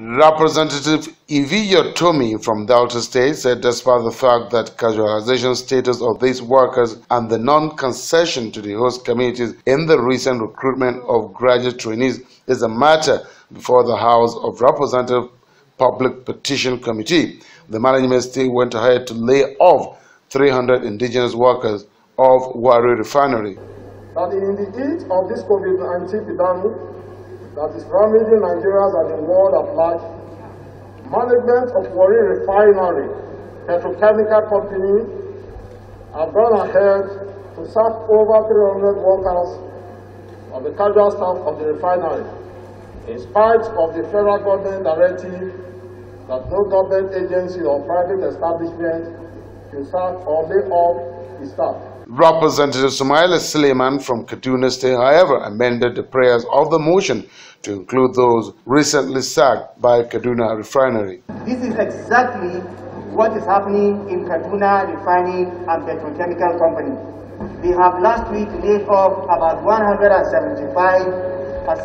Representative Iviyo Tomi from Delta State said despite the fact that casualization status of these workers and the non-concession to the host communities in the recent recruitment of graduate trainees is a matter before the House of Representatives Public Petition Committee, the management still went ahead to lay off 300 indigenous workers of Wari Refinery. That in the heat of this COVID-19 pandemic, that is damaging Nigerians and the world at large, management of Warri Refinery Petrochemical Company have gone ahead to sack over 300 workers of the casual staff of the refinery, in spite of the federal government directive that no government agency or private establishment can sack or lay off its staff. Representative Sumaila Suleiman from Kaduna State, however, amended the prayers of the motion to include those recently sacked by Kaduna Refinery. This is exactly what is happening in Kaduna Refining and Petrochemical Company. They have last week laid off about 175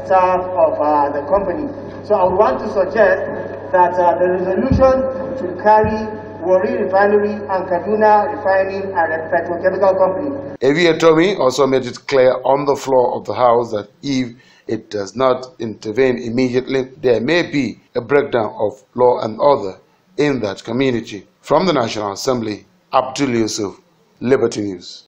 staff of uh, the company. So I would want to suggest that uh, the resolution should carry Wari Refinery and Kaduna Refining and Petrochemical Company. Evie Atomi also made it clear on the floor of the House that if it does not intervene immediately, there may be a breakdown of law and order in that community. From the National Assembly, Abdul Yusuf, Liberty News.